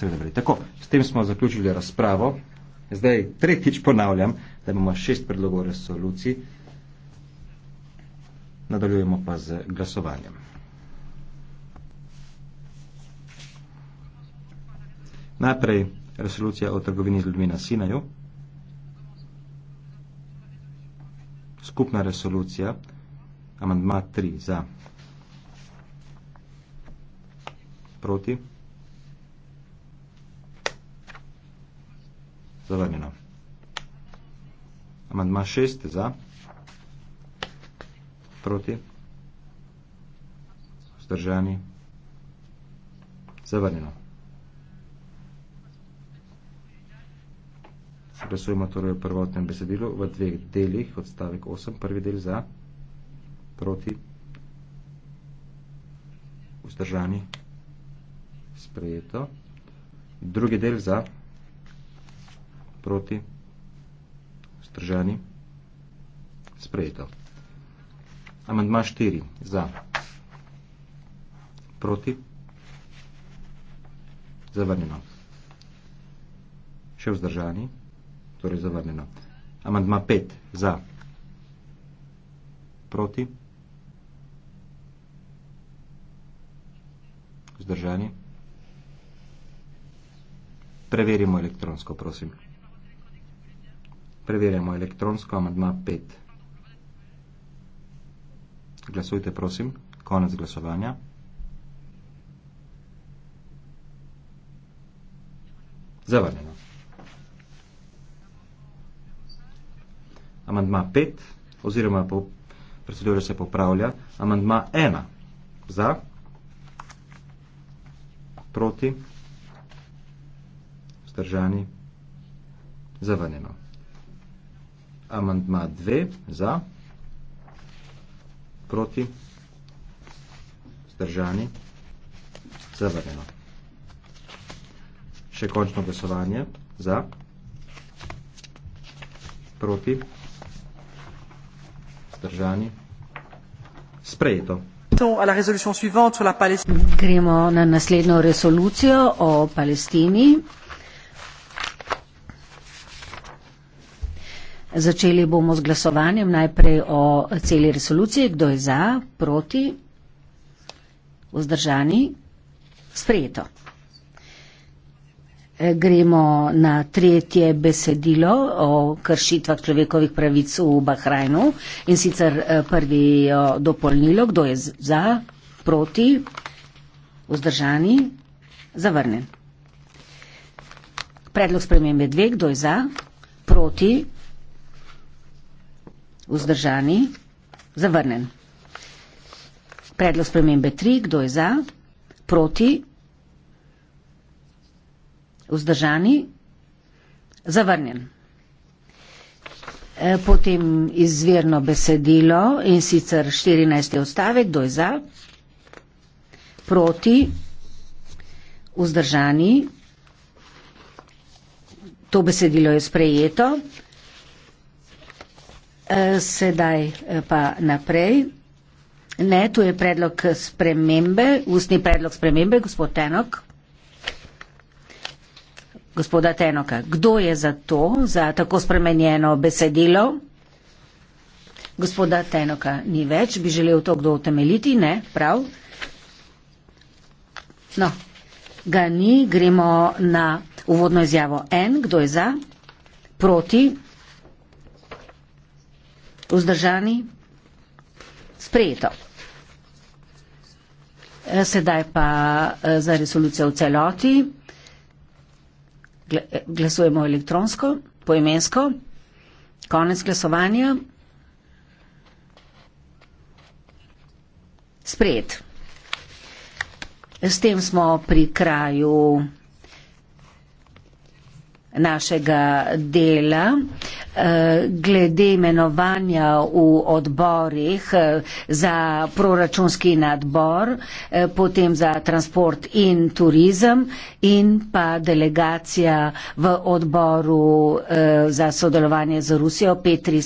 Seveda, brej. tako, s tem smo zaključili razpravo. Zdaj, tretjič ponavljam, da imamo šest predlogov resolucij. Nadaljujemo pa z glasovanjem. Najprej resolucija o trgovini z ljudmi na Sinaju. Skupna resolucija, amandma 3 za proti. zavrnjeno. Amandma šest je za, proti, vzdržani, zavrnjeno. Glasujemo torej v prvotnem besedilu v dveh delih, odstavek 8, prvi del za, proti, vzdržani, sprejeto, drugi del za, proti, proti, stržani, sprejeto. Amandma 4 za, proti, zavrnjeno. Še vzdržani, torej zavrnjeno. Amandma 5 za, proti, zdržani. Preverimo elektronsko, prosim. Preverjamo elektronsko, amadma 5. Glasujte, prosim. Konec glasovanja. Zavrnjeno. Amandma 5, oziroma predsedujo se popravlja, amandma 1 za, proti, vzdržani, zavrnjeno amandma 2 za, proti, zdržani, zavrjeno. Še končno glasovanje za, proti, zdržani, sprejeto. Gremo na naslednjo resolucijo o Palestini. Začeli bomo z glasovanjem najprej o celi resoluciji. Kdo je za, proti, vzdržani, sprejeto. E, gremo na tretje besedilo o kršitvah človekovih pravic v Bahrajnu in sicer e, prvi e, dopolnilo, kdo je za, proti, vzdržani, zavrnen. Predlog spremembe dve, kdo je za, proti, vzdržani. Vzdržani? Zavrnen. Predlog spremembe 3. Kdo je za? Proti? Vzdržani? Zavrnen. E, potem izvirno besedilo in sicer 14. odstavek. Kdo je za? Proti? Vzdržani? To besedilo je sprejeto. Eh, sedaj eh, pa naprej. Ne, tu je predlog spremembe, ustni predlog spremembe, gospod Tenok. Gospoda Tenoka, kdo je za to, za tako spremenjeno besedilo? Gospoda Tenoka ni več, bi želel to kdo utemeliti, ne, prav? No, ga ni, gremo na uvodno izjavo N, kdo je za, proti, Vzdržani? Sprejeto. E, sedaj pa e, za resolucijo v celoti. E, glasujemo elektronsko, poimensko. Konec glasovanja. Sprejet. S tem smo pri kraju našega dela. Eh, glede imenovanja v odborih eh, za proračunski nadbor, eh, potem za transport in turizem in pa delegacija v odboru za sodelovanje z Rusijo Petri